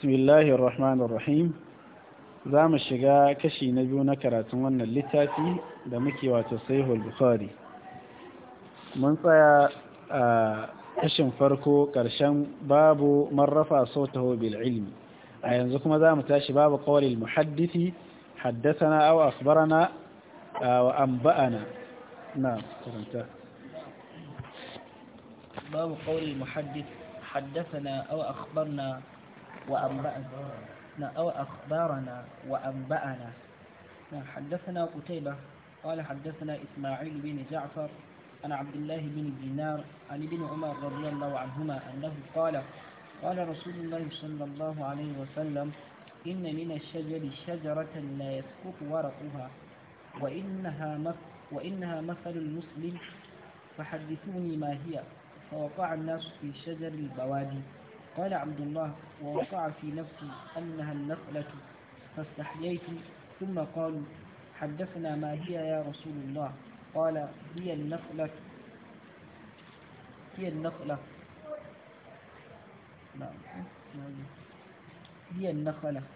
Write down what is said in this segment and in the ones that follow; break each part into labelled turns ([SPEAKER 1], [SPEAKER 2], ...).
[SPEAKER 1] bismillahir rahmanir rahim za mu shiga kashi na biyu na karatun wannan littafi da muke wato sahihul bukhari mun tsaya a kashin farko karshen babu man rafa sautahu bil ilmi a yanzu kuma za mu tashi babu qawlil muhaddisi haddasana aw akhbarana wa anba'ana na karanta
[SPEAKER 2] babu qawlil muhaddis haddathana aw akhbarna وأنبأنا نعم، أو أخبارنا وأنبأنا نعم، حدثنا قتيبة قال حدثنا إسماعيل بن جعفر عن عبد الله بن دينار عن ابن عمر رضي الله عنهما أنه قال قال رسول الله صلى الله عليه وسلم إن من الشجر شجرة لا يسقط ورقها وإنها وإنها مثل المسلم فحدثوني ما هي فوقع الناس في شجر البوادي قال عبد الله ووقع في نفسي أنها النقلة فاستحييت ثم قالوا حدثنا ما هي يا رسول الله قال هي النقلة
[SPEAKER 1] هي النقلة
[SPEAKER 2] هي النخلة نعم.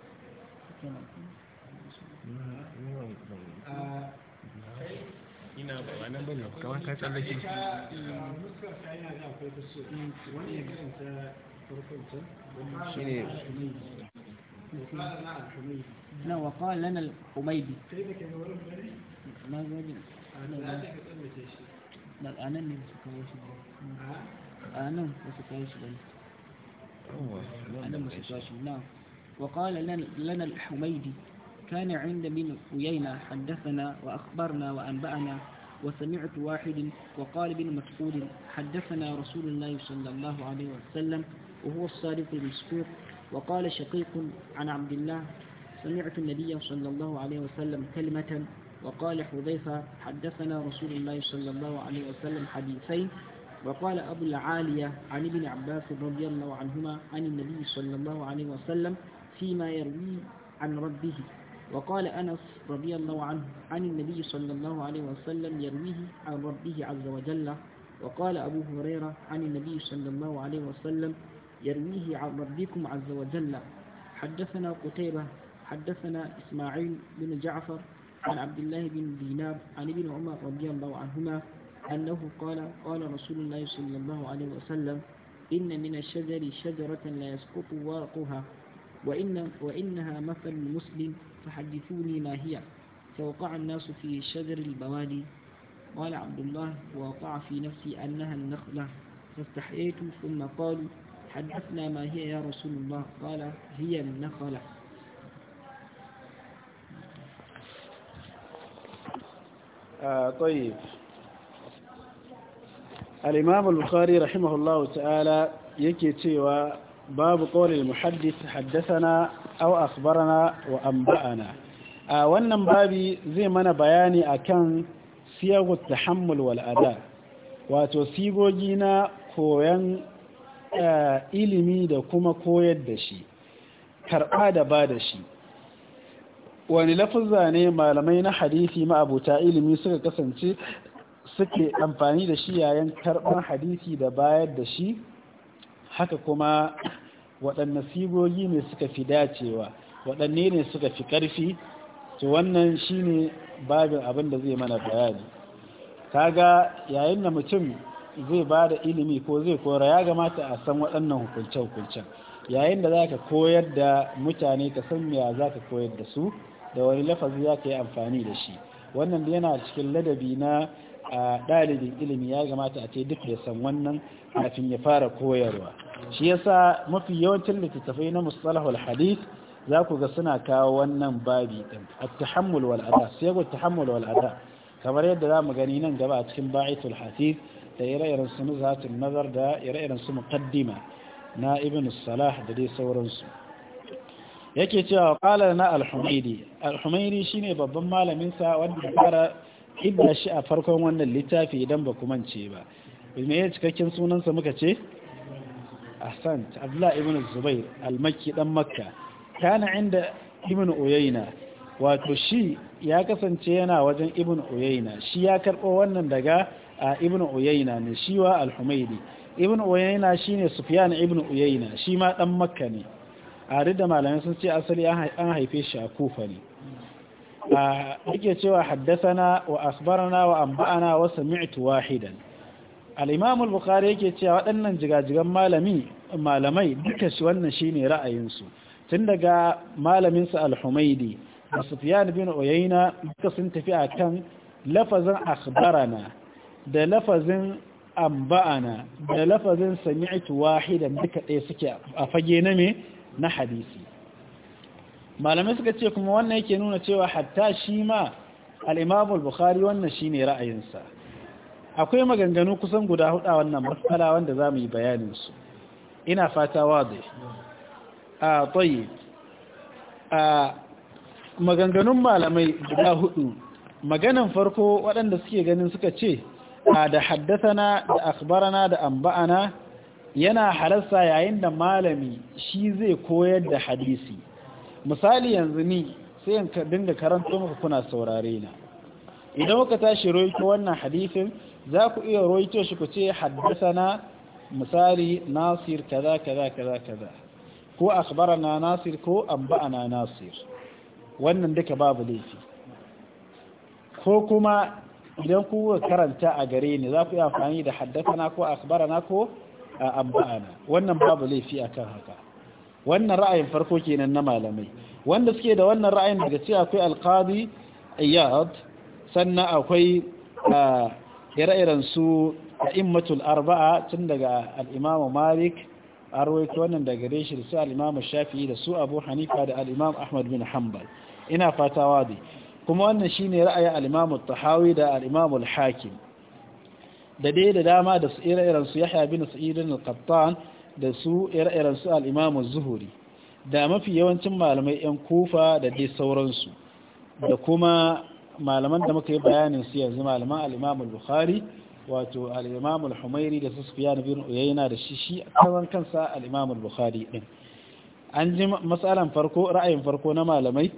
[SPEAKER 2] نعم. لا وقال لنا الحميدي أنا أنا نعم. وقال لنا الحميدي كان عند بن عيينة حدثنا وأخبرنا وأنبأنا وسمعت واحد وقال بن مسعود حدثنا رسول الله صلى الله عليه وسلم وهو الصادق المسكوت وقال شقيق عن عبد الله سمعت النبي صلى الله عليه وسلم كلمة وقال حذيفة حدثنا رسول الله صلى الله عليه وسلم حديثين وقال أبو العالية عن ابن عباس رضي الله عنهما عن النبي صلى الله عليه وسلم فيما يروي عن ربه وقال أنس رضي الله عنه عن النبي صلى الله عليه وسلم يرويه عن ربه عز وجل وقال أبو هريرة عن النبي صلى الله عليه وسلم يرويه عن ربكم عز وجل حدثنا قتيبة حدثنا إسماعيل بن جعفر عن عبد الله بن دينار عن ابن عمر رضي الله عنهما أنه قال قال رسول الله صلى الله عليه وسلم إن من الشجر شجرة لا يسقط ورقها وإن وإنها مثل المسلم فحدثوني ما هي فوقع الناس في شجر البوادي قال عبد الله ووقع في نفسي أنها النخلة فاستحييت ثم قالوا حدثنا ما هي يا رسول الله قال هي النخلة
[SPEAKER 1] آه طيب الإمام البخاري رحمه الله تعالى يكيتي باب قول المحدث حدثنا أو أخبرنا وأنبأنا a آه، wannan بابي زي mana bayani akan siyagut tahammul wal ada wato sigogi Eh, ilimi da kuma koyar da shi karɓa da ba da shi wani lafuzza ne malamai na hadisi ma'abuta ilimi suka kasance suke amfani da shi yayin karɓar hadisi da bayar da shi haka kuma waɗanne sigogi ne suka fi dacewa waɗanne ne suka fi ƙarfi to wannan shine babin abin da zai mana bayani kaga yayin da mutum zai ba da ilimi ko zai kora ya gamata a san waɗannan hukunce-hukuncen yayin da za ka koyar da mutane ka san ya za ka koyar da su da wani lafazi za ka yi amfani da shi wannan da yana cikin ladabi na ɗalibin ilimi ya gamata a ce duk da san wannan kafin ya fara koyarwa shi yasa mafi yawancin littattafai na mustalahul hadith za ku ga suna kawo wannan babi ɗin at-tahammul wal ada sai tahammul wal ada kamar yadda za mu gani nan gaba a cikin ba'itul hadith da ire-iren su nuzatin nazar da ire-iren su muqaddima na ibn salah da dai sauransu yake cewa qala na al-humaidi al-humaidi shine babban malamin sa wanda fara idda shi a farkon wannan littafi idan ba kuma ce ba me ya cikakken sa muka ce ahsan abdullah ibn zubair al-makki dan makka kana inda ibn uyayna wato shi ya kasance yana wajen ibn uyayna shi ya karbo wannan daga ibn uyayna ne shi wa al-humaydi ibn uyayna shine sufyan ibn uyayna shi ma dan makka ne a da malamai sun ce asali an haife shi a kufa ne yake cewa haddasana wa asbarana wa anba'ana wa sami'tu wahidan al-imam al-bukhari yake cewa waɗannan jigajigan malami malamai duka shi wannan shine ra'ayinsu tun daga malamin sa al-humaydi da sufyan bin uyayna duka sun tafi akan lafazin akhbarana da lafazin amba'ana da lafazin aiki wahidan duka ɗaya suke a fage na me na hadisi malamai suka ce kuma wannan yake nuna cewa hatta shi ma al-Imam al-Bukhari wannan ra'ayinsa akwai maganganu kusan guda hudu wannan matsala wanda zamu yi bayanin su ina fata wazi a tayyib a maganganun malamai guda hudu maganan farko waɗanda suke ganin suka ce da haddasana da akhbarana da amba'ana yana halarsa yayin da malami shi zai koyar da hadisi misali yanzu ni sai in dinga karanto muku kuna saurare na idan muka tashi roito wannan hadisin za ku iya roito shi ku ce haddasana misali nasir kaza kaza kaza kaza ko akhbarana nasir ko amba'ana nasir wannan duka babu laifi ko kuma idan ku karanta a gare ni za ku yi amfani da haddatana ko akbarana ko amba'ana wannan babu laifi akan haka wannan ra'ayin farko kenan na malamai wanda suke da wannan ra'ayin daga ce akwai a iyad sannan akwai ire-iren su a'immatul arba'a tun daga al malik malik arwaito wannan daga gare da su al-imamu shafi'i da su abu hanifa da al ahmad bin hanbal ina fata wadi kuma wannan shi ra'ayin ra'ayi tahawi da Alimamu hakim da dai da dama da su ire su Yahya bin Sa'id al da su ire Alimamu Zuhuri da mafi yawancin malamai yan Kufa da dai sauransu da kuma malaman da muka yi bayanin su yanzu malaman Alimamu buhari wato Alimamu humairi da su Sufyan bin Uyayna da shi shi kansa an ji matsalan farko ra'ayin farko na malamai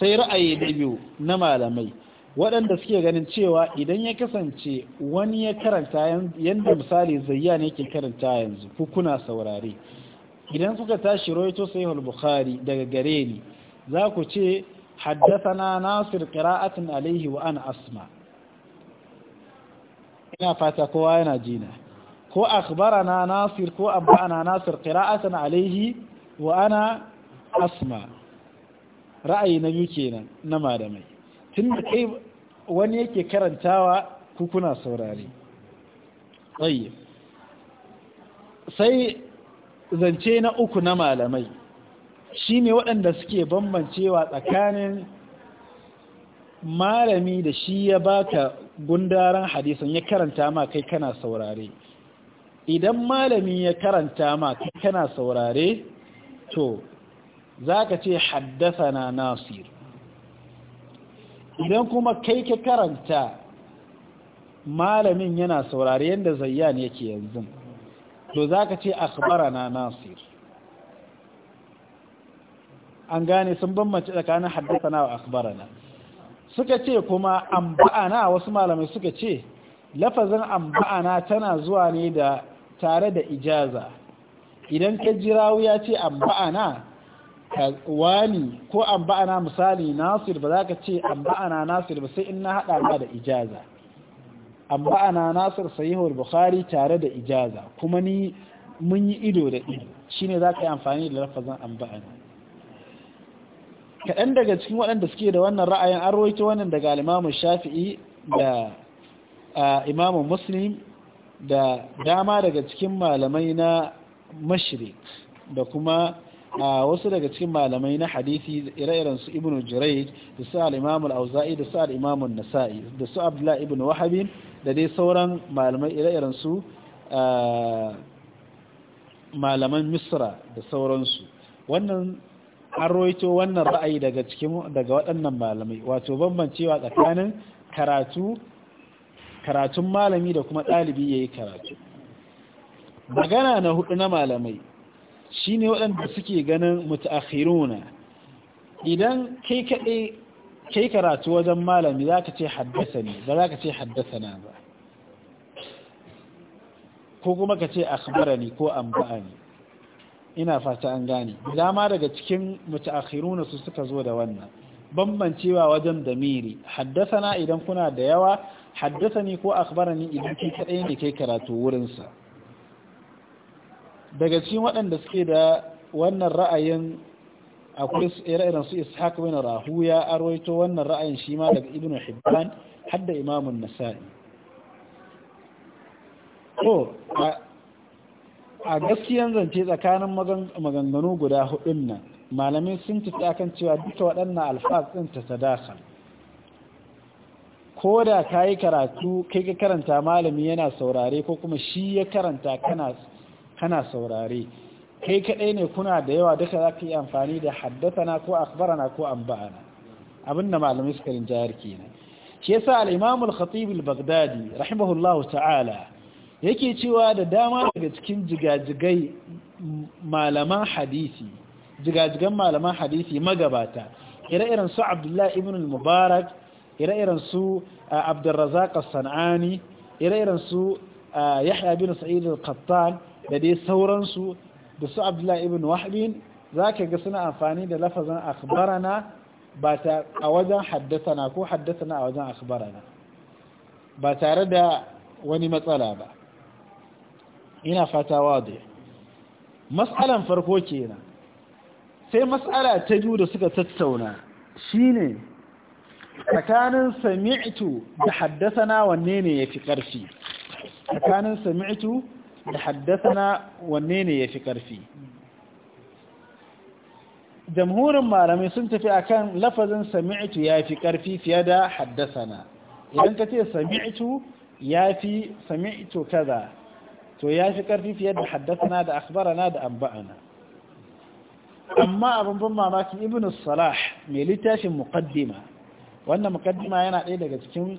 [SPEAKER 1] sai ra'ayi da biyu na malamai waɗanda suke ganin cewa idan ya kasance wani ya karanta yadda misali ne ke karanta yanzu ku kuna saurare idan suka tashi roito sai bukhari daga gare ni za ku ce na nasir qira'atan alaihi wa ana asma ina fata kowa yana jina ko akhbarana nasir ko abbana nasir qira'atan alaihi wa ana asma ra'ayi na biyu kenan na malamai tun da kai wani yake karantawa ku kuna saurare tsaye sai zance na uku na malamai shine waɗanda suke bambancewa tsakanin malami da shi ya baka gundaran hadisan ya karanta ma kai kana saurare idan malami ya karanta ma kai kana saurare to za ka ce haddasa na nasir idan kuma kai ka karanta malamin yana saurari yadda zayyan yake yanzu to za ka ce na nasir an gane sun bambanci tsakanin na wa na suka ce kuma amba'ana wasu malamai suka ce lafazin amba'ana tana zuwa ne da tare da ijaza idan ka jirawu ya ce amba'ana wali ko an ba'ana misali nasir ba za ce an ba'ana nasir ba sai in na haɗa ba da ijaza an ba'ana nasir sahihul bukhari tare da ijaza kuma ni mun yi ido da ido shine za ka yi amfani da lafazin an ba'ana kaɗan daga cikin waɗanda suke da wannan ra'ayin an rawaito wannan daga alimamin shafi'i da imamun muslim da dama daga cikin malamai na Mashrik da kuma A wasu daga cikin malamai na hadisi ire-iren su ibn Jirai, da su al al-auza'i da su al nasai da su abdullah ibn wahabi da dai sauran malamai ire-iren su malaman misra da sauransu wannan an roito wannan ra'ayi daga cikin daga waɗannan malamai wato bambancewa tsakanin karatu karatun malami da kuma ɗalibi ya yi karatu magana na hudu na malamai ne waɗanda suke ganin mutu'akhiruna idan kai kaɗe kai karatu wajen malami za ka ce haddasa ne ba za ka ce haddasa na ba ko kuma ka ce ne ko an ne ina fata an gane dama daga cikin mutu'akhiruna su suka zo da wannan bambancewa wajen damiri na idan kuna da yawa haddasa ne ko ne idan kai kadai ne kai karatu wurinsa. daga cikin waɗanda suke da wannan ra'ayin akwai ire irin su ishaq bin rahuya a rawaito wannan ra'ayin shi ma daga Ibnu hibban har da imamun nasa'i to a gaskiyan zance tsakanin maganganu guda hudun nan malamai sun tafi akan cewa duka waɗannan alfaz ɗin ta sadaka ko da ka yi karatu kai ka karanta malami yana saurare ko kuma shi ya karanta kana kana saurare kai kaɗai ne kuna da yawa duka za ka yi amfani da haddatana ko akbarana ko amba'ana abin da malamai suka rinjayar kenan shi yasa al-imam al-khatib al-baghdadi rahimahullahu ta'ala yake cewa da dama daga cikin jigajigai malaman hadisi jigajigan malaman hadisi magabata ire-iren su abdullahi ibn al-mubarak ire-iren su abdurrazzaq as-sanani ire-iren su yahya bin sa'id al-qattan da dai sauransu da su abdullahi ibn wahbin za ka ga suna amfani da lafazin akbarana ba ta a wajen haddasana ko haddasana a wajen akbarana ba tare da wani matsala ba ina fata wadu matsalan farko na sai matsala ta biyu da suka tattauna shine tsakanin sami'itu da haddasa na wanne ne ya fi ƙarfi tsakanin sami'itu da haddasana wanne ne ya fi ƙarfi jamhurin malamai sun tafi akan lafazin sami'itu ya fi ƙarfi fiye da haddasana idan ka ce sami'tu ya fi kaza to ya fi ƙarfi fiye da haddasana da akhbarana da amba'ana amma abin ban mamaki ibn salah mai littafin muqaddima wannan muqaddima yana ɗaya daga cikin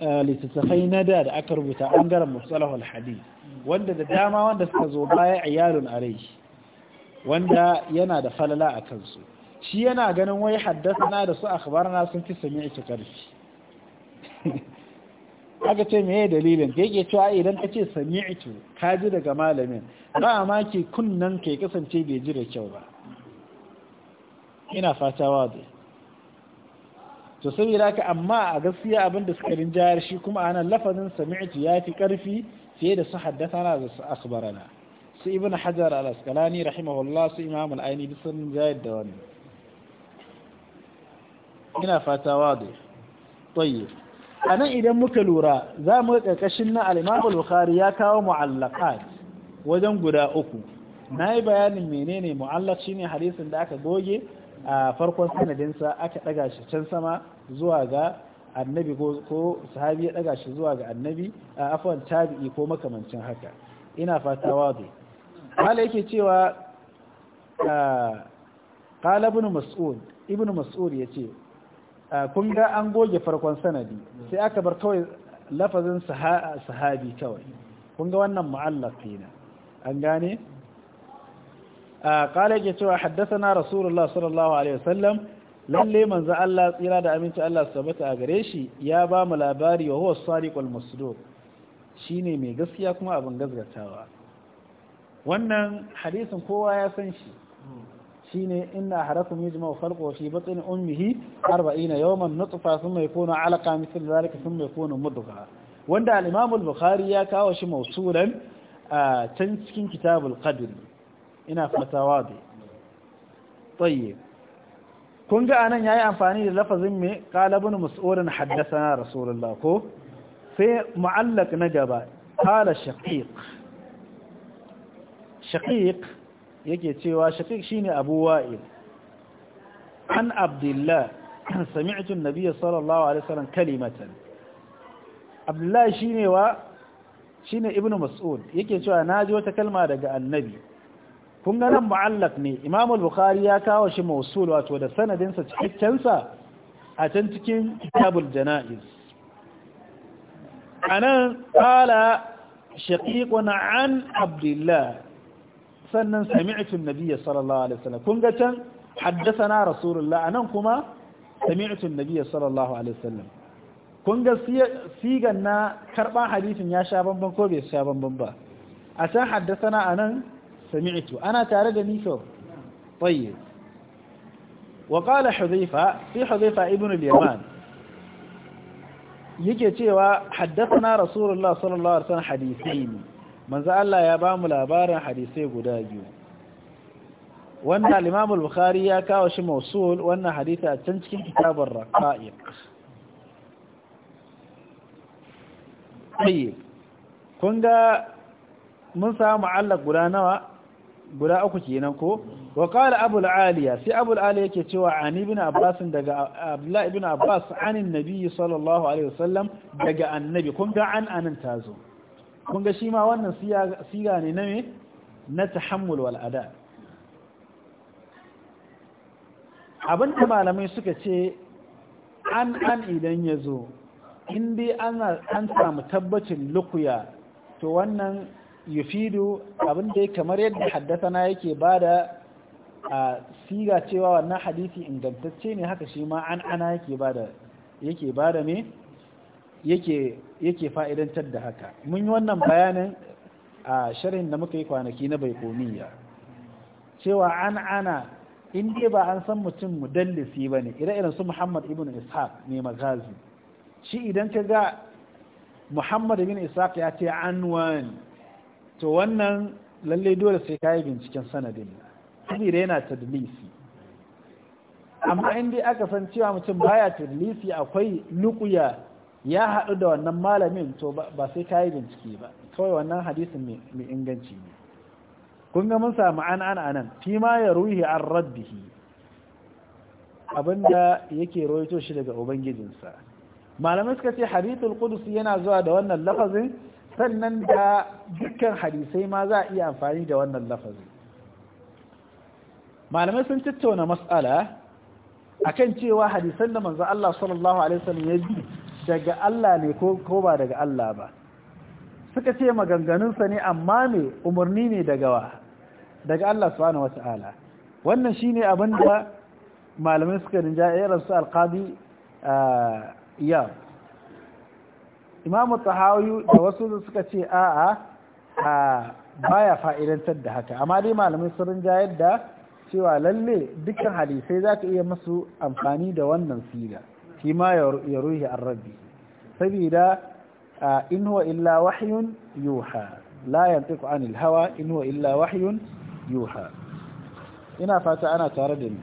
[SPEAKER 1] eh, littattafai na da da aka rubuta ɓangaren musalahul hadith wanda da dama wanda suka zo baya a yaron rai wanda yana da falala a kansu shi yana ganin wai haddasa da su na sun fi sami ita karfi aka ce mai dalilin da yake cewa idan ka ce sami'tu ka ji daga malamin ba a ke kunnan ka kasance bai ji da kyau ba ina fata wa zai to saboda ka amma a gaskiya abin da suka rinjayar shi kuma ana lafazin sami'tu ya fi karfi fiye da su na da su akhbarana su ibn hajar al-asqalani rahimahullah su imam al-aini duk sun jayar da wani ina fata wadu tayyib anan idan muka lura za mu karkashin na al-imam al-bukhari ya kawo mu'allaqat wajen guda uku nayi bayanin menene mu'allaq shine hadisin da aka goge a farkon sanadinsa aka daga shi can sama zuwa ga annabi ko sahabi ya daga shi zuwa ga annabi a afwan tabi'i ko makamancin haka ina fata wazi hala yake cewa qala ibn mas'ud ibn mas'ud yace kun ga an goge farkon sanadi sai aka bar kawai lafazin sahabi kawai kun ga wannan mu'allaf ne an gane قال yake cewa رسول الله sallallahu alaihi عليه وسلم lalle manzo Allah tsira da aminci Allah sabata a gare shi ya ba mu labari wa huwa sariqul masduq shine mai gaskiya kuma abin gazgatawa wannan hadisin kowa ya san shi shine inna harakum yajma'u khalqu fi batni ummihi 40 yawman nutfa thumma yakunu 'alaqa mithl zalika thumma yakunu mudghah wanda al-imam al-bukhari ya kawo shi mausulan a can cikin kitabul qadr ina fatawa dai tayyib kun ga anan yayi amfani da lafazin me qala ibn mas'ud haddathana rasulullah ko sai mu'allaq na gaba qala shaqiq shaqiq yake cewa shaqiq shine abu wa'il an abdullah sami'tu an-nabiy sallallahu alaihi wasallam kalimatan abdullah shine wa shine ibn mas'ud yake cewa naji wata kalma daga annabi kun ga nan mu'allaf ne imam al-bukhari ya kawo shi mausul wato da sanadin sa cikakken sa a can cikin kitabul janaiz anan qala shaqiqun an abdullah sannan sami'tu an-nabiy sallallahu alaihi wasallam kun ga can haddathana rasulullah anan kuma sami'tu an-nabiy sallallahu alaihi wasallam kun ga sigan na karban hadisin ya sha bamban ko bai sha bamban ba a can haddathana anan sami'tu ana tare da ni kau tayyib wa qala hudhaifa fi hudhaifa ibn al-yaman yake cewa haddathana rasulullah sallallahu alaihi wasallam hadithain manzo Allah ya bamu labarin hadisai guda biyu wannan al bukhari ya kawo shi mausul wannan hadisi can cikin kitabur raqa'iq tayyib kun ga mun samu mu'allaq guda nawa guda uku kenan ko wa qala abu aliya sai abu aliya yake cewa ani ibn abbas daga abdullah ibn abbas an annabi sallallahu alaihi wasallam daga annabi kun ga an anan tazo kun ga shi ma wannan siga ne na me na tahammul wal ada abin da malamai suka ce an an idan yazo, zo in dai an samu tabbacin lukuya to wannan yufidu abin da kamar yadda Haddasa na yake bada a siga cewa wannan hadisi ingantacce ne haka shi ma an ana yake bada yake bada ne yake fa'idantar da haka mun yi wannan bayanin a shirin da muka yi kwanaki na baikoniya cewa an ana in ba an san mutum mudallisi ba ne ire-iren su muhammad ibn ishaq ne magazi shi idan ka ga muhammad ibn ishaq ya ce an wani to wannan lalle dole sai ka yi binciken sanadin saboda yana tadlisi amma in dai aka san cewa mutum baya tadlisi akwai nukuya ya haɗu da wannan malamin to ba sai ka yi bincike ba kawai wannan hadisin mai inganci ne kun ga mun samu an an anan fi ma ya ruhi an rabbihi abinda yake roito shi daga ubangijinsa malamai suka ce hadithul qudus yana zuwa da wannan lafazin sannan da dukkan hadisai ma za a iya amfani da wannan lafazi malamai sun tattauna matsala akan cewa hadisan da manzo Allah sallallahu alaihi wasallam ya bi daga Allah ne ko ko ba daga Allah ba suka ce maganganunsa ne amma me umarni ne daga wa daga Allah subhanahu wataala wannan shine abinda malamai suka rinja ya rasu alqadi ah, ya imamu tahawi da wasu suka ce a'a a baya fa'idantar da haka amma dai malamai sun rinjayar da cewa lalle dukkan hadisai za ka iya masu amfani da wannan siga shi ma ya ruhi an rabbi saboda in illa wahyun yuha la ku anil hawa in illa wahyun yuha ina fata ana tare da ni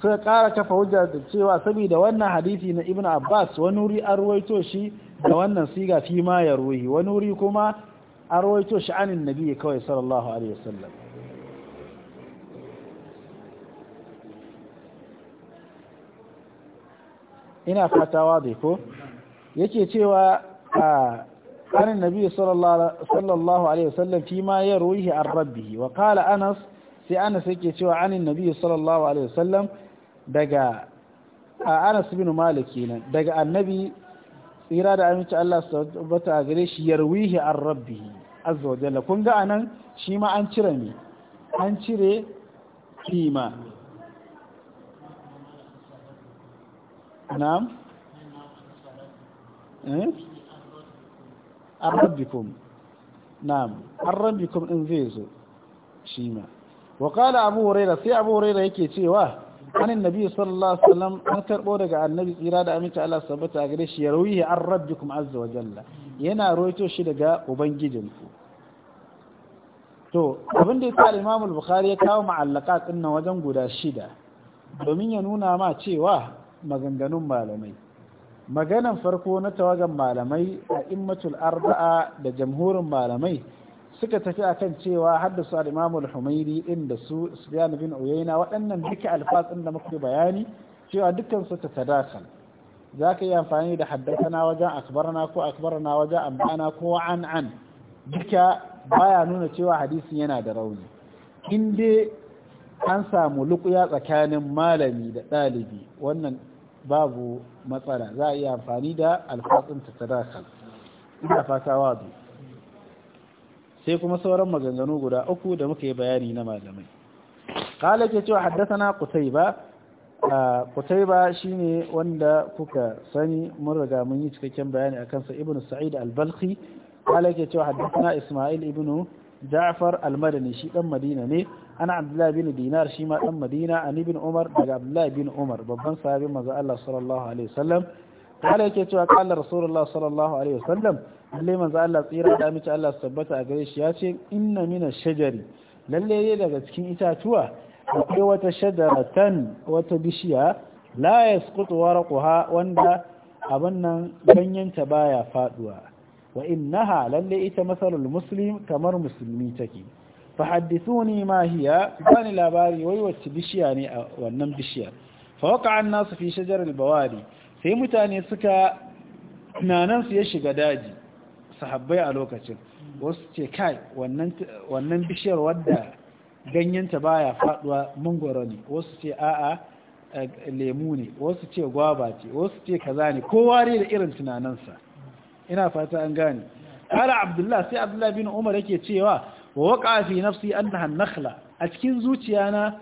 [SPEAKER 1] Suka kara kafa hujja da cewa saboda wannan hadisi na ibn abbas wani wuri an ruwaito shi da wannan siga fi ma ya ruhi wani wuri kuma a rawaito sha'anin nabi kawai sallallahu alaihi wasallam ina fatawa dai ko yake cewa a anin nabi sallallahu alaihi wasallam fi ma ya ruhi an rabbihi wa kala anas sai anas yake cewa anin nabi sallallahu alaihi wasallam daga anas bin malik kenan daga annabi tsira da aminci Allah su tabbata a gare shi yarwihi an rabbi azza wa da kun ga anan shi ma an cire ne an cire kima na'am eh an kum na'am an kum in zai zo shi ma wa qala abu hurairah sai abu hurairah yake cewa عن النبي صلى الله عليه وسلم نكر بودك عن النبي إرادة أمين تعالى ثبت أغريش يرويه عن ربكم عز وجل ينا رويتو شدقاء وبنجدنكو to abin da ya sa Imam al-Bukhari ya kawo ma'allaqat din nan wajen guda shida domin ya nuna ma cewa maganganun malamai maganan farko na tawagan malamai a immatul arba'a da jamhurin malamai suka tafi akan cewa haddasa al-Imam al-Humairi din da su Sufyan bin Uyayna waɗannan duka alfasin da muke bayani cewa dukkan su Za zaka yi amfani da haddathana wajen akbarna ko akbarna wajen ambana ko an an duka baya nuna cewa hadisin yana da rauni in dai an samu lukuya tsakanin malami da ɗalibi wannan babu matsala za a iya amfani da alfasin tatadakal ina fata wadu sai kuma sauran maganganu guda uku da muka yi bayani na malamai kala ke cewa haddasana kutaiba kutaiba shine wanda kuka sani mun riga mun yi cikakken bayani a kansa ibn sa'id al-balqi kala ke cewa haddasana isma'il ibnu ja'far al-madani shi dan madina ne ana abdullahi bin dinar shi ma dan madina an ibn umar daga abdullahi bin umar babban sahabin manzo Allah sallallahu alaihi wasallam kala yake cewa ƙalar rasulullah sallallahu alaihi wasallam lalle manzo Allah tsira da mice Allah tabbata a gare shi ya ce inna mina shajari lalle ne daga cikin itatuwa akwai wata shadaratan wata bishiya la yasqutu warquha wanda abin nan ganyenta baya faduwa wa innaha lalle ita masalul muslim kamar musulmi take fa hadithuni ma hiya bani labari wai wacce bishiya ne a wannan bishiyar fa waqa an-nasu fi shajar bawari sai mutane suka nanansu ya shiga daji sahabbai a lokacin wasu ce kai wannan bishiyar wadda ganyenta baya faduwa mangoro ne wasu ce a'a lemu ne wasu ce gwaba ce wasu ce kaza ne kowa ne da irin tunaninsa ina fata an gane ala Abdullahi sai Abdullahi bin umar yake cewa wa waqa fi nafsi annaha nakhla a cikin zuciyana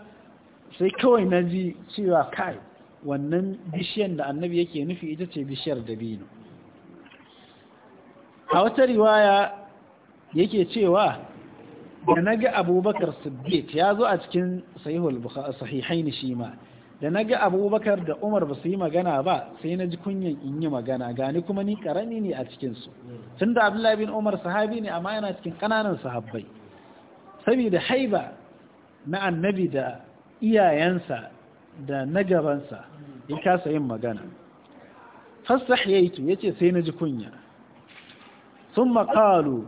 [SPEAKER 1] sai kawai na ji cewa kai wannan bishiyar da annabi yake nufi ita ce bishiyar dabino a wata riwaya yake cewa da na ga abubakar siddiq ya zo a cikin sahihaini shi ma da na ga abubakar da umar ba su yi magana ba sai na ji kunyan in yi magana gani kuma ni karami ne a cikinsu tun da abdullahi bin umar sahabi ne amma yana cikin kananan sahabbai saboda haiba na annabi da iyayensa da na gabansa ya kasa yin magana ya ce sai na ji kunya sun makalu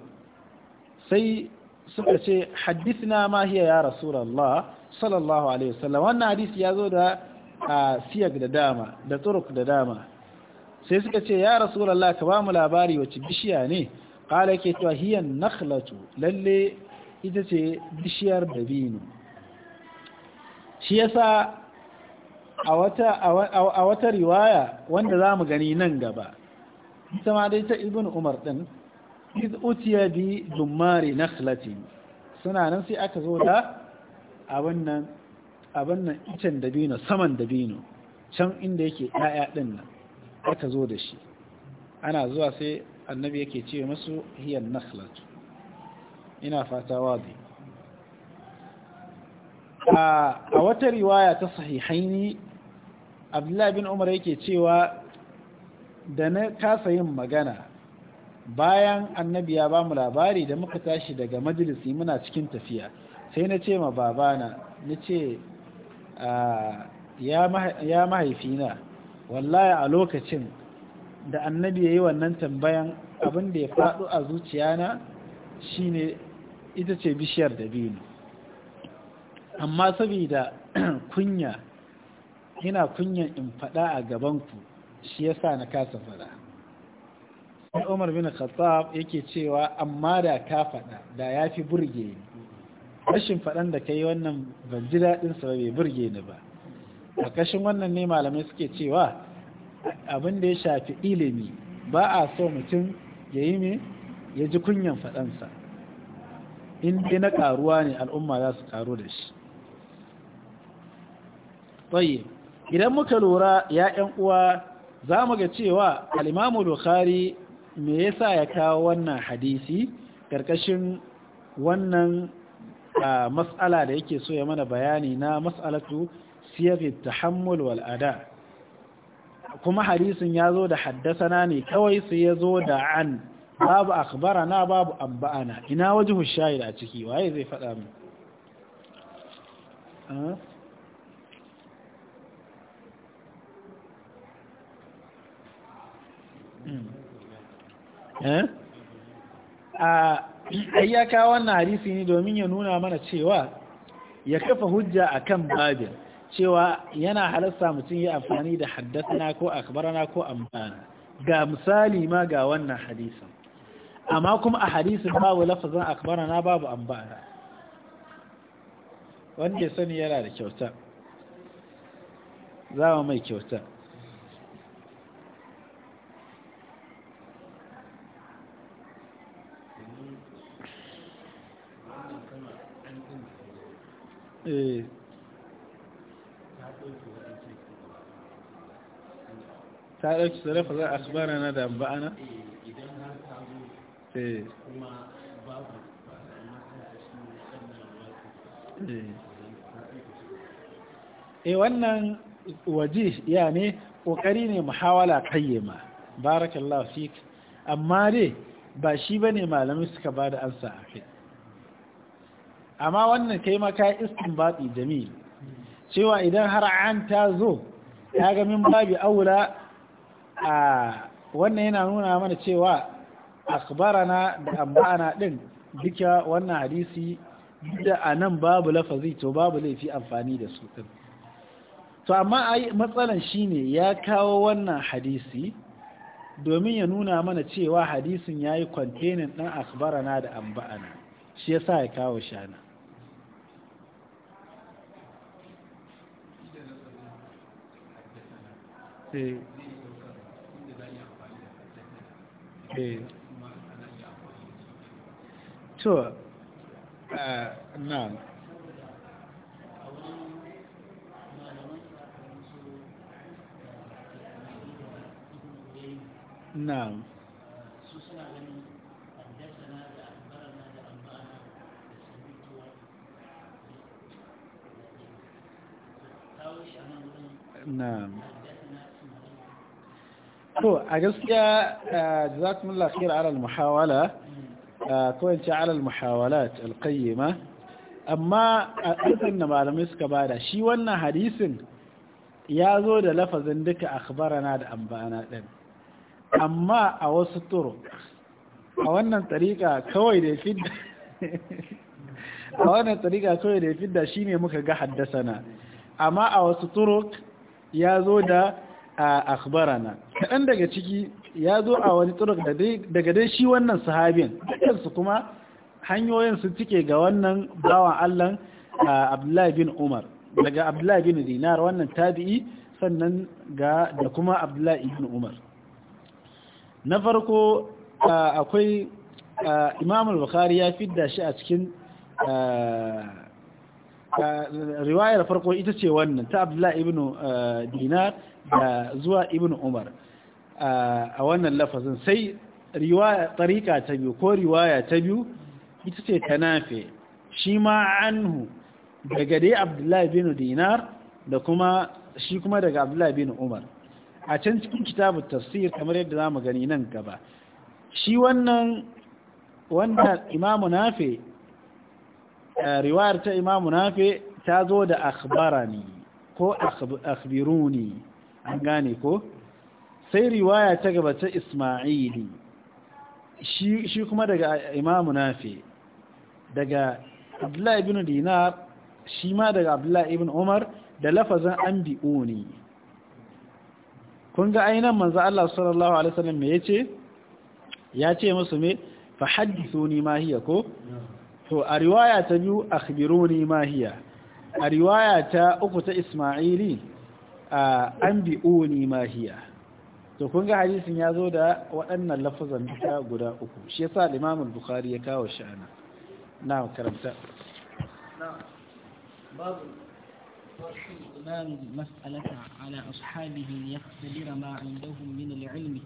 [SPEAKER 1] sai suka ce hadithna na mahiya ya rasulallah sallallahu alaihi wasallam wannan hadisi ya zo da siyag da dama da turuk da dama sai suka ce ya rasulallah ka ba mu labari wacce bishiya ne kala ke cewa na nakhlatu lalle ita ce bishiyar dabino shi yasa a wata riwaya wanda za mu gani nan gaba ita ma dai ta ibn umar din iz utiya bi dummari nakhlatin suna nan sai aka zo da abin nan abin nan icen dabino saman dabino can inda yake ɗaya din nan aka zo da shi ana zuwa sai annabi yake ce masu hiyan nakhlat ina fata wadi a wata riwaya ta sahihaini abdullahi bin umar yake cewa da na kasa yin magana bayan annabi ya bamu labari da muka tashi daga majalisi muna cikin tafiya sai na ce ma babana na ce ya mahaifina wallahi a lokacin da annabi ya yi wannan tambayan abin da ya faɗo a zuciyana shine ita ce bishiyar da biyu amma saboda kunya ina kunyan in faɗa a gabanku shi ya sa na kasa faɗa sai umar bin khattab yake cewa amma da ka faɗa da ya fi burge ni rashin faɗan da ka yi wannan ban ji daɗin sa bai burge ni ba a kashin wannan ne malamai suke cewa abin da ya shafi ilimi ba a so mutum ya yi me ya ji kunyan faɗansa in dai na ƙaruwa ne al'umma za su ƙaru da shi طيب idan muka lura ya ƴan uwa za mu ga cewa Alimamu bukhari me yasa ya kawo wannan hadisi ƙarƙashin wannan mas'ala da yake so ya mana bayani na mas'alatu siyar tahammul ada kuma hadisin ya zo da haddasa na ne kawai sai ya zo da an babu na babu abba'ana ina wajhu shahid a ciki waye zai faɗa mu Eh? a ya wannan hadisi ne domin ya nuna mana cewa ya kafa hujja akan babin cewa yana halasta mutum ya amfani da haddasa ko akbarana ko amfana ga misali ma ga wannan hadisin amma kuma a hadisin babu lafazin akbarana babu amfana wanda ya sani yana da kyauta zama mai kyauta eh ta ɗauki sarrafa za a asibara na da ba'ana? idan eh. har eh. ta eh, zo
[SPEAKER 2] kuma babu ba da shi
[SPEAKER 1] wannan waje ya ne ƙoƙari ne muhawala kayyama barakallahu fik amma dai ba shi ba ne malamai suka ba da ansa a kai amma wannan kai ma ka istinbati jami'i, cewa idan har an ta zo ya ga min babi aula a wannan yana nuna mana cewa akbarana da ambana din duka wannan hadisi da a nan babu lafazi to babu laifi amfani da su ɗin to amma ai matsalan shine ya kawo wannan hadisi domin ya nuna mana cewa hadisin ya yi kwantenin ɗan asbarana da amba'ana shi ya sa ya kawo shana to eh. eh. na uh, na'am na'am to a gaskiya eh, jazakumullah khair ala al-muhawala eh, ko in ce ala al-muhawalat al-qayyima amma a cikin da malamai suka bada shi wannan hadisin ya zo da lafazin duka akhbarana da ambana din amma a wasu turuk a wannan tsarika kawai da fidda a wannan tsarika kawai da fidda shine muka ga haddasa na amma a wasu turuk ya zo da a akhbarana kaɗan daga ciki ya zo a wani turuk daga dai shi wannan sahabin su kuma hanyoyin su cike ga wannan bawan allan abdullahi bin umar daga abdullahi bin dinar wannan tabi'i sannan ga da kuma abdullahi bin umar na farko akwai imam al-bukhari ya fidda shi a cikin riwayar farko ita ce wannan ta abdullahi ibn dinar da zuwa ibn umar a wannan lafazin sai riwaya tariqa ta biyu ko riwaya ta biyu ita ce ta nafe. shi ma anhu daga dai abdullahi Ibn dinar da kuma shi kuma daga abdullahi Ibn umar a can cikin kitabun tafsir kamar yadda za mu gani nan gaba shi wannan wanda imamu nafe Eh, riwayar ta imamu nafe ta zo da akhbarani ko akhbiruni an gane ko sai riwaya ta gaba ta isma'ili shi kuma daga imamu nafe daga abdullahi ibn dinar shi ma daga abdullahi ibn umar da lafazin an bi'uni kun ga ainihin manzo Allah sallallahu alaihi wasallam me yace ya ce musu me fa hadithuni ma hiya ko to a riwaya ta biyu akhbiruni ma hiya a riwaya ta uku ta Isma'ili an bi'uni ma hiya to kun ga hadisin ya zo da waɗannan lafazan duka guda uku shi yasa Imam Bukhari ya kawo shi ana na karanta
[SPEAKER 2] babu الإمام مسألة على أصحابه ليختبر ما عندهم من العلم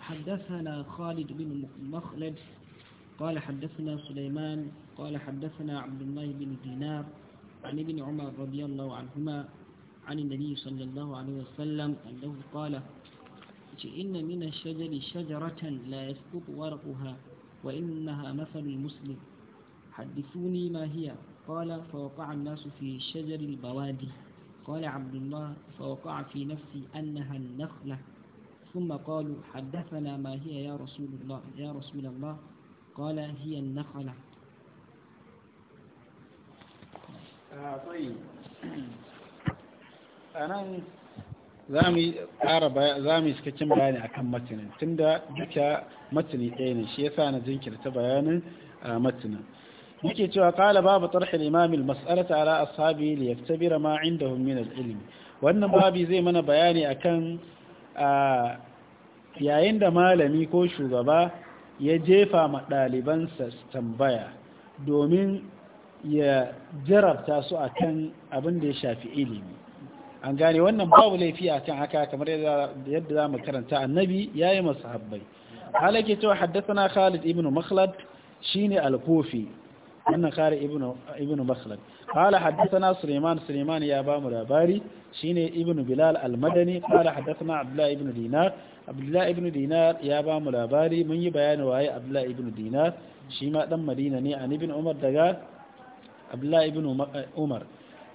[SPEAKER 2] حدثنا خالد بن مخلد قال حدثنا سليمان قال حدثنا عبد الله بن دينار عن ابن عمر رضي الله عنهما عن النبي صلى الله عليه وسلم أنه قال إن من الشجر شجرة لا يسقط ورقها وإنها مثل المسلم حدثوني ما هي قال فوقع الناس في شجر البوادي قال عبد الله فوقع في نفسي أنها النخلة ثم قالوا حدثنا ما هي يا رسول الله يا رسول الله قال هي النخلة
[SPEAKER 1] طيب أنا zami ƙara zami cikakken bayani akan matanin tunda duka matani ɗaya ne shi yasa na jinkirta bayanin matanin muke cewa qala babu tarh al-imam al-mas'alata ala ashabi li yaktabira ma indahum min al-ilm wannan babi zai mana bayani akan yayin da malami ko shugaba ya jefa ma ɗalibansa tambaya domin ya jarabta su a kan abin da ya shafi ilimi an gane wannan babu laifi a kan haka kamar yadda za mu karanta annabi ya yi masu habbai halake cewa haddasa na khalid ibn makhlad shine alkofi wannan kare ibnu bakhlal qala haddathana sulaiman sulaiman ya ba mu labari shine ibnu bilal al-madani qala haddathana abdullahi ibnu dinar abdullahi ibnu dinar ya ba mu labari mun yi bayani waye abdullahi ibnu dinar shi ma dan madina ne an ibn umar daga abdullahi ibnu umar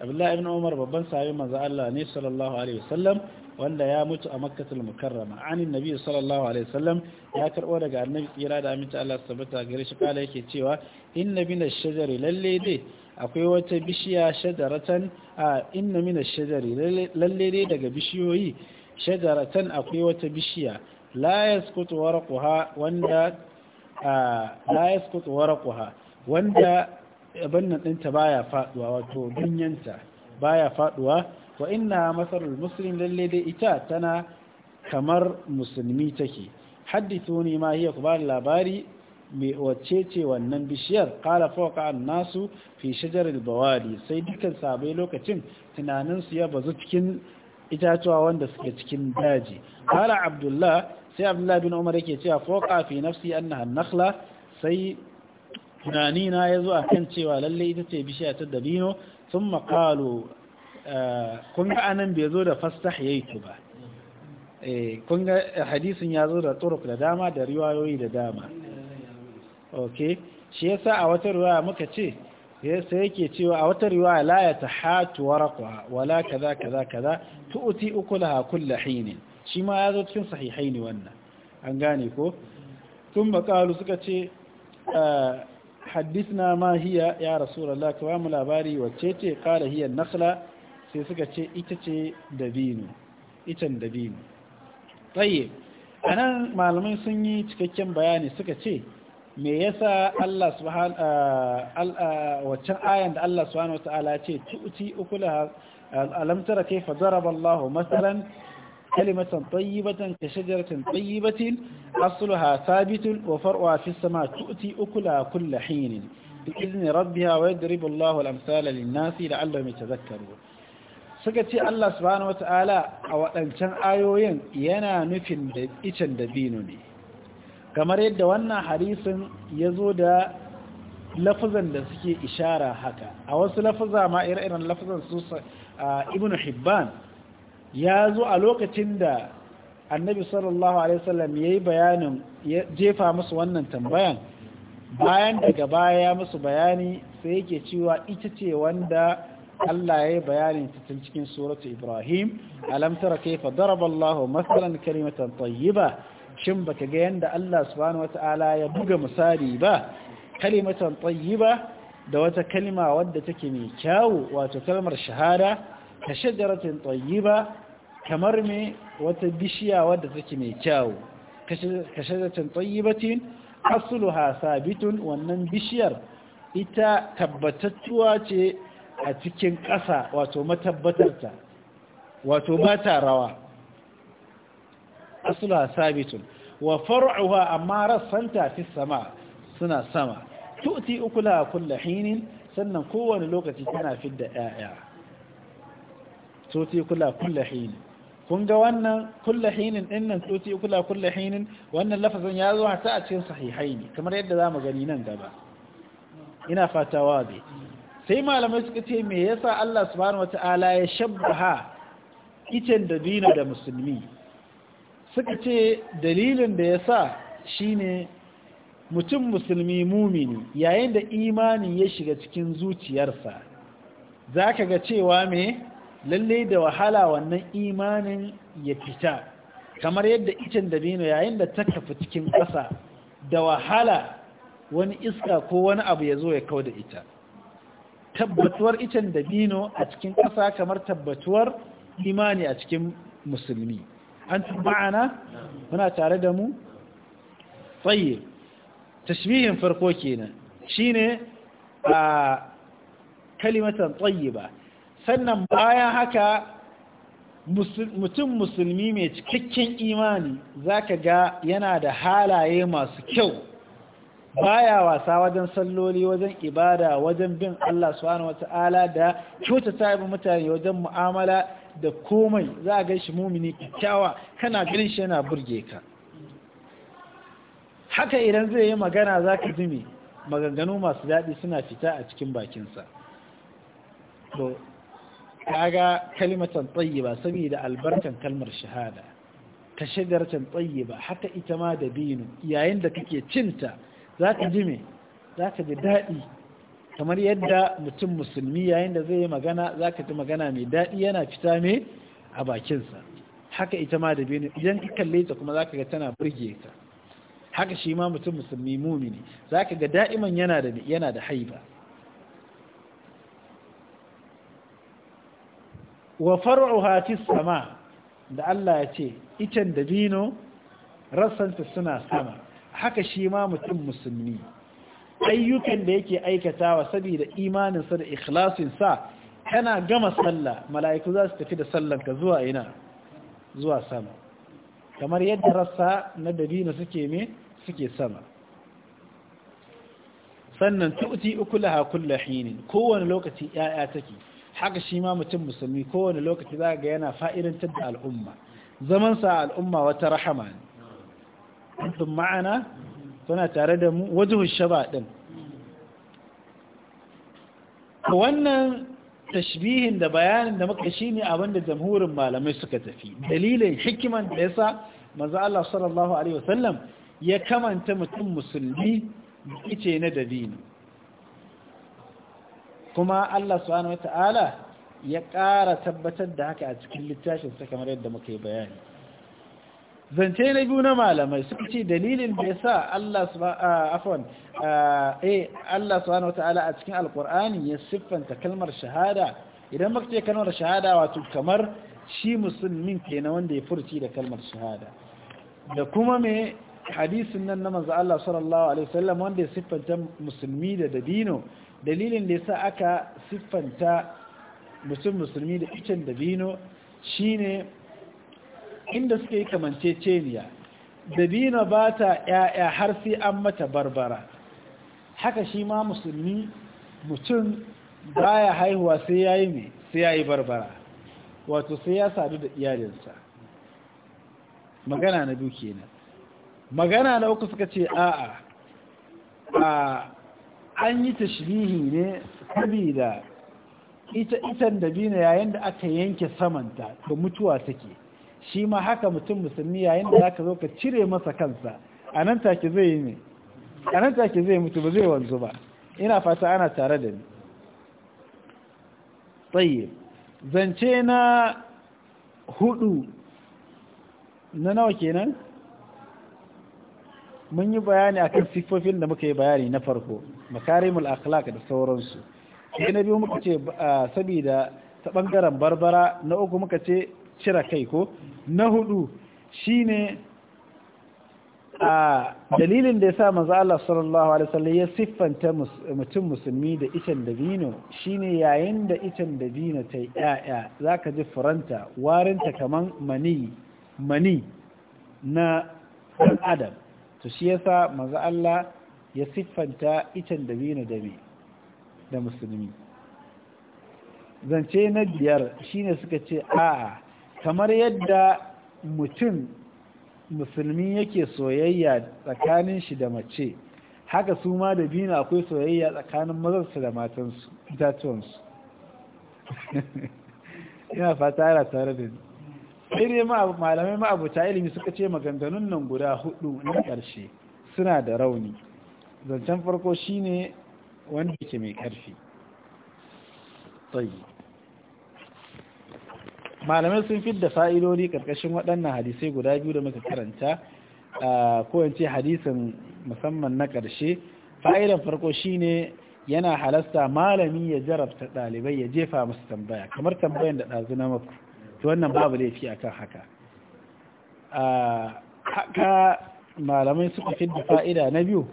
[SPEAKER 1] abdullahi ibn umar babban sahabi manzo Allah ne sallallahu alaihi wasallam wanda ya mutu a al mukarrama anin nabi sallallahu alaihi wasallam ya karbo daga annabi tsira da aminta Allah tabbata gare shi kala yake cewa inna min ash-shajari lalle dai akwai wata bishiya shajaratan a inna min ash-shajari lalle dai daga bishiyoyi shajaratan akwai wata bishiya la yasqutu warquha wanda la yasqutu warquha wanda abin ɗinta baya faɗuwa, wato ba baya faɗuwa, wa ina masarar musulun lalle dai ita tana kamar musulmi take haddito ne ma hiya ku ba labari mai wacce ce wannan bishiyar kala fauka an nasu fi shajarar bawadi sai dukkan sabai lokacin tunaninsu ya bazu cikin itatuwa wanda suke cikin daji kala abdullah sai abdullah bin umar yake cewa fauka fi nafsi annaha nakhla sai tunani na ya zo a kan cewa lalle ita ce bishiya ta dabino sun makalo eh, kun ga anan bai zo da fastah ya yi ba eh, kun ga hadisin ya zo da turuk da dama da riwayoyi da dama ok shi sa a wata riwaya muka ce sai yake cewa a wata riwaya la ya tahatu warqa wala kaza kaza kaza tu'ti ukulaha kullu hin shi ma ya zo cikin sahihai ne wannan an gane ko tun makalu suka ce eh, haddisna ma hiya ya rasulullah ka mu labari wacce ce kala hiya nakhla sai suka ce ita ce dabino itan dabino tsaye a nan malamai sun yi cikakken bayani suka ce me yasa Allah waccan ayan da Allah subhanahu wataala ce tu'ti ukulaha alam tara kayfa daraba Allahu masalan kalimatan tayyibatan ka shajaratin tayyibatin asluha thabitun wa far'uha fis sama da ukula kulli hin bi izni rabbiha wa yadribu Allahu al-amsala lin-nasi la'allahum yatadhakkarun suka ce Allah subhanahu wata'ala a wadancan ayoyin yana nufin da icen da ne kamar yadda wannan hadisin zo da lafazan da suke ishara haka a wasu lafaza ma ire-iren lafazan su ibnu hibban ya zo a lokacin da annabi sallallahu alaihi wasallam yayi bayanin ya jefa musu wannan tambayan bayan daga baya ya musu bayani sai yake cewa ita ce wanda Allah ya yi bayanin cikin cikin suratu Ibrahim alam tara kayfa daraballahu masalan kalimatan tayyiba shin baka ga yanda Allah subhanahu wataala ya buga misali ba kalimatan tayyiba da wata kalima wadda take mai kyawu wato kalmar shahada ka shajaratin tayyiba kamar me wata bishiya wadda take mai kyau ka shajaratin tayyibatin asluha sabitun wannan bishiyar ita tabbatattuwa ce a cikin ƙasa wato matabbatarta wato ba ta rawa asluha sabitun wa far'uha amma rassanta fi sama suna sama tu'ti ukulaha kullu sannan kowane lokaci tana fidda 'ya'ya tsoti kula kulla hini kun ga wannan kulla hinin din nan tsoti kula kulla hinin wannan lafazin ya zo hata a cikin sahihai ne kamar yadda zamu gani nan gaba ina fata wazi sai malamai suka ce me yasa Allah subhanahu wataala ya shabbaha itin da dina da musulmi suka ce dalilin da yasa shine mutum musulmi mumini yayin da imani ya shiga cikin zuciyarsa za ka ga cewa me lalle da wahala wannan imanin ya fita kamar yadda da dabino yayin da ta kafa cikin ƙasa da wahala wani iska ko wani abu ya zo ya kau da ita tabbatuwar da dabino a cikin ƙasa kamar tabbatuwar imani a cikin musulmi an ma'ana muna tare da mu tsaye tashbihin farko kenan shine a kalimatan tsaye ba sannan bayan haka mutum musulmi mai cikakken imani zaka ga yana da halaye masu kyau baya wasa wajen salloli wajen ibada wajen bin Allah subhanahu wata'ala da kyautata yi mutane wajen mu'amala da komai za a gaishe mumini kyakkyawa kana ganin shi yana burge ka haka idan zai yi magana za ka ji maganganu masu daɗi suna fita a cikin bakinsa kaga kalimatan tayyiba saboda albarkan kalmar shahada ka shagaratan tayyiba haka ita ma da binu yayin da kake cinta za ka ji me za ka ji dadi kamar yadda mutum musulmi yayin da zai yi magana za ka ji magana mai daɗi yana fita ne a bakinsa haka ita ma da binu idan ka kalle ta kuma zaka ga tana burge ka haka shi ma mutum musulmi mumini ka ga da'iman yana yana da haiba wa far'uha fi sama da Allah ya ce icen dabino rassanta suna sama haka shi ma mutum musulmi ayyukan da yake aikatawa saboda imaninsa da ikhlasinsa yana gama sallah mala'iku za su tafi da sallanka zuwa ina zuwa sama kamar yadda rassa na dabino suke me suke sama sannan tu'ti ukulaha kullu hinin kowane lokaci yaya take haka shi ma mutum musulmi kowane lokaci za ga yana fa'idantar da al'umma zaman sa al'umma wata rahama ne ɗin ma'ana suna tare da mu wajhu shaba ɗin. wannan tashbihin da bayanin da muka shine da jamhurin malamai suka tafi dalilin hikiman da yasa maza Allah sallallahu alaihi wasallam ya kamanta mutum musulmi ice na dabino kuma Allah subhanahu wata'ala ya ƙara tabbatar da haka a cikin littafin sa kamar yadda muka yi bayani zance na biyu na malamai suka ce dalilin da yasa Allah eh, Allah subhanahu wata'ala a cikin alqur'ani ya siffanta kalmar shahada idan muka ce kalmar shahada wato kamar shi musulmin kenan wanda ya furci da kalmar shahada da kuma me hadisin nan na manzo Allah sallallahu alaihi wasallam wanda ya siffanta musulmi da dabino dalilin da yasa aka siffanta mutum musulmi da icen dabino shine inda suke yi kamanceceniya dabino ba ta ‘ya'ya har sai an mata barbara haka shi ma musulmi mutum baya haihuwa sai yayi yi sai yayi barbara wato sai ya sadu da iyalinsa magana na duke kenan magana na uku suka ce a'a a an yi tashrihi ne saboda ita itan dabina yayin da aka yanke samanta da mutuwa take shi ma haka mutum musulmi yayin da zaka zo ka cire masa kansa a nan take zai yi ne a take zai mutu ba zai wanzu ba ina fata ana tare da ni tsaye zance na hudu na nawa kenan mun yi bayani a kan siffofin da muka yi bayani na farko makarimul akhlaq da sauransu sai na biyu muka ce saboda ta bangaren barbara na uku muka ce cire kai ko na hudu shine ne dalilin da yasa manzo Allah sallallahu alaihi wasallam ya siffanta mutum musulmi da icen dabino shine yayin da da dabino ta yaya zaka ji furanta warinta kaman mani mani na adam to shi yasa manzo Allah ya siffanta itan dabino da me da musulmi zance na biyar shine suka ce a'a kamar yadda mutum musulmi yake soyayya tsakanin shi da mace haka su ma da bina akwai soyayya tsakanin mazarsu da matansu itatuwansu ina fata yana tare da ni sai dai malamai ma'abuta ilimi suka ce maganganun nan guda hudu na ƙarshe suna da rauni zancen farko shine wanda ke mai ƙarfi malamai sun fi da fa'idodi ƙarƙashin waɗannan hadisai guda biyu da muka karanta ko hadisin musamman na ƙarshe fa'idan farko shine yana halasta malami ya jarabta ɗalibai ya jefa musu tambaya kamar tambayan da ɗazu na maku to wannan babu laifi kan haka haka malamai suka da fa'ida na biyu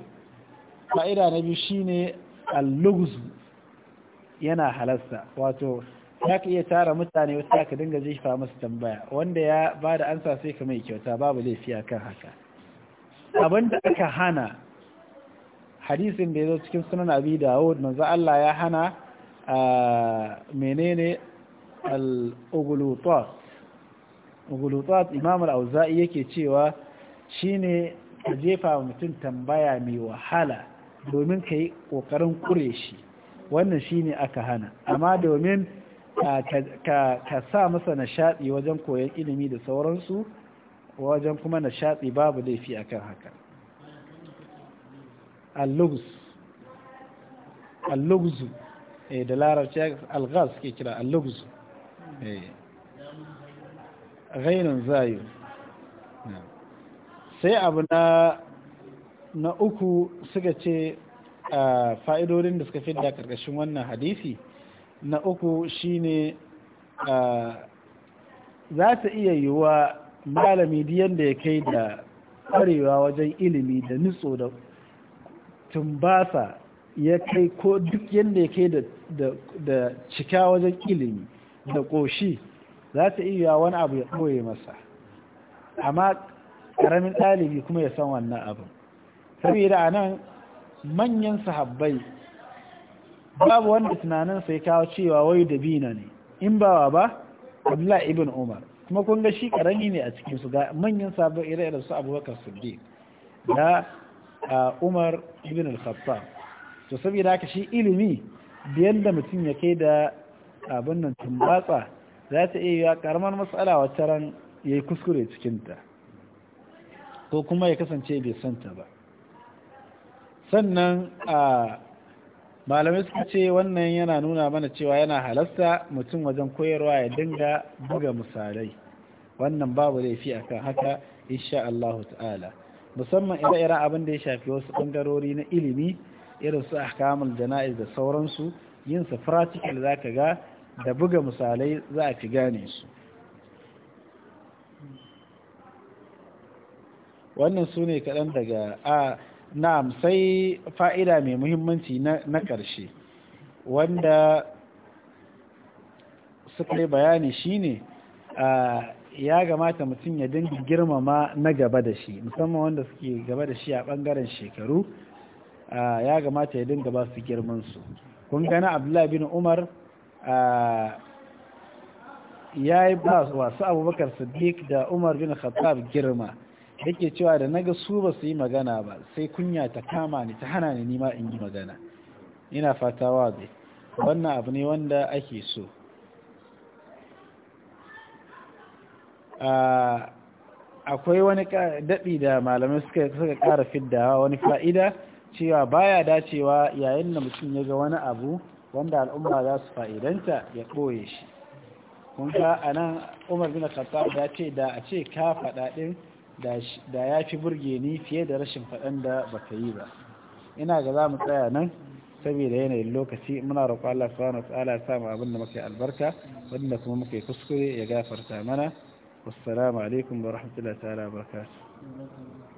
[SPEAKER 1] fa'ida na biyu shine al-lugzu yana halasta wato ya ka iya tara mutane wata ka dinga jefa masu tambaya wanda ya ba da ansa sai ka mai kyauta babu laifi kan haka abinda aka hana hadisin da ya zo cikin sunan abi dawud manzo Allah ya hana menene al-ughlutat imam al-auza'i yake cewa shine ka jefa mutum tambaya mai wahala domin kai kokarin kure shi wannan shine aka hana amma domin ka sa masa nishadi wajen koyon ilimi da sauransu wajen kuma nishadi babu laifi akan haka al-lughz eh, da larabci al-ghaz ke kira al-lughz Eh. ghainun zayu sai abu na na uku suka ce a fa'idodin da suka fidda karkashin wannan hadisi na uku shine za ta iya yiwuwa malami diyan da ya kai da ƙwarewa wajen ilimi da nitso da tumbasa ya kai ko duk yadda ya kai da cika wajen ilimi da ƙoshi za ta iya wani abu ya ɓoye masa amma ƙaramin ɗalibi kuma ya san wannan abin saboda a nan manyan sahabbai babu wanda tunanin ya kawo cewa wai dabina ne in bawa ba abdullahi ibn umar kuma kun ga shi karami ne a cikin su ga manyan sabon ire-iren su abubakar siddiq da umar ibn al-khattab to saboda haka shi ilimi da mutum ya kai da abin nan tumbatsa za ta iya yiwa karamar matsala wata ran ya yi kuskure cikinta ko kuma ya kasance bai santa ba sannan a malamai suka ce wannan yana nuna mana cewa yana halasta mutum wajen koyarwa ya dinga buga misalai wannan babu laifi akan haka insha Allah ta'ala musamman ire iren abin da ya shafi wasu ɓangarori na ilimi irin su kamun jana'iz da sauransu yin sa practical za ka ga da buga misalai za a fi gane su wannan su ne kaɗan daga a na'am sai fa'ida mai muhimmanci na ƙarshe wanda suka yi bayani shi ne ya gamata mutum ya dinga girmama na gaba da shi musamman wanda suke gaba da shi a ɓangaren shekaru ya gamata ya dinga ba su girmansu kun gana abdullahi bin umar ya yi ba wasu abubakar Sadiq da umar bin khattab girma da ke cewa da naga su ba su yi magana ba sai kunya ta kama ni ta hana ni nima in yi magana ina fata bai wannan abu ne wanda ake so akwai wani daɗi da malamai suka ƙara fidda wani fa'ida cewa baya dacewa yayin da mutum ya ga wani abu wanda al'umma za su fa'idanta ya ɓoye shi kun ga a nan umar bin khattab ya ce da a ce ka faɗa ɗin da ya fi burge ni fiye da rashin faɗan da ba ka yi ba ina ga za mu tsaya nan saboda yanayin lokaci muna roƙo Allah wani tsala ya samu abin da muke albarka wadanda kuma muke kuskure ya gafarta mana wassalamu alaikum wa rahmatullahi ta'ala wa
[SPEAKER 2] barakatuh